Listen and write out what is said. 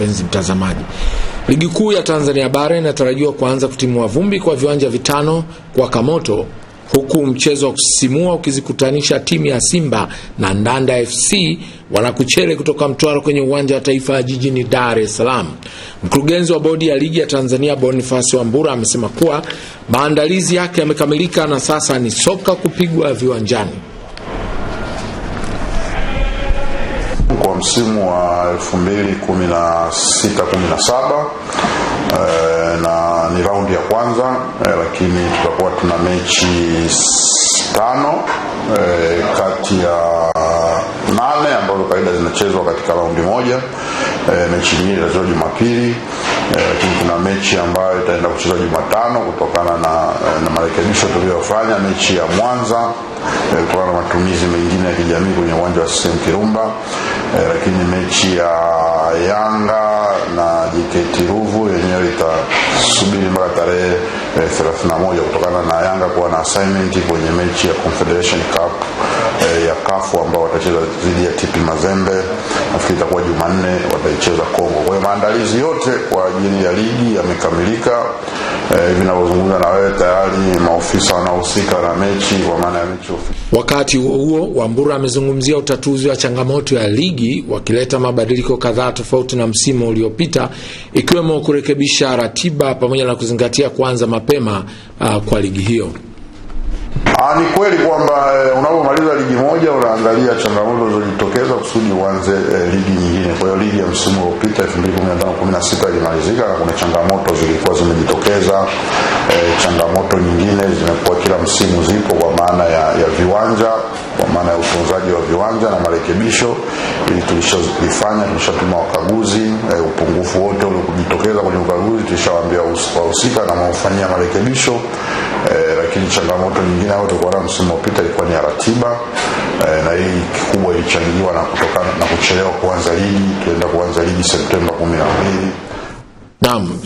mpenzi mtazamaji. Ligi kuu ya Tanzania bara inatarajiwa kuanza kutimua vumbi kwa viwanja vitano kwa Kamoto, huku mchezo wa kusisimua ukizikutanisha timu ya Simba na Ndanda FC wanakuchele kutoka Mtwara kwenye uwanja wa taifa jijini Dar es Salaam. Mkurugenzi wa bodi ya ligi ya Tanzania bonifasi Wambura amesema kuwa maandalizi yake yamekamilika na sasa ni soka kupigwa viwanjani. msimu wa 2016 17 eh, na ni raundi ya kwanza e, lakini tutakuwa tuna mechi tano e, kati ya nane ambazo kawaida zinachezwa katika raundi moja. E, mechi nyingine itachezwa Jumapili, lakini e, kuna mechi ambayo itaenda kuchezwa Jumatano kutokana na, na marekebisho tuliyofanya mechi ya Mwanza kutokana na matumizi mengine ya kijamii kwenye uwanja wa CCM Kirumba e, lakini mechi ya Yanga na jiketi Ruvu yenyewe itasubiri mpaka tarehe 31 eh, kutokana na Yanga kuwa na assignment kwenye mechi ya Confederation Cup e, ya kafu ambao watacheza dhidi ya tipi Mazembe itakuwa Jumanne wataicheza Kongo. Kwa maandalizi yote kwa ajili ya ligi yamekamilika. Eh, hivi e, ninavyozungumza na wewe tayari maofisa wanaohusika na mechi kwa maana ya mechi ofisi. Wakati huo huo, Wambura amezungumzia utatuzi wa changamoto ya ligi wakileta mabadiliko kadhaa tofauti na msimu uliopita ikiwemo kurekebisha ratiba pamoja na kuzingatia kuanza mapema uh, kwa ligi hiyo. Aa, ah, ni kweli kwamba eh, unapomaliza ligi kuangalia changamoto zilizojitokeza kusudi uanze eh, ligi nyingine. Kwa hiyo ligi ya msimu uliopita 2015-16 ilimalizika na kuna changamoto zilikuwa zimejitokeza. Eh, changamoto nyingine zimekuwa kila msimu zipo, kwa maana ya, ya viwanja, kwa maana ya utunzaji wa viwanja na marekebisho, ili tulishofanya tulishatuma wakaguzi eh, upungufu wote uliojitokeza kwenye ukaguzi tulishawaambia wahusika na wamfanyia marekebisho eh, lakini changamoto nyingine ambayo tulikuwa nayo msimu uliopita ilikuwa ni ratiba eh, na hii kikubwa ilichangiwa na kutokana na kuchelewa kuanza ligi. Tuenda kuanza ligi Septemba kumi na mbili. Naam.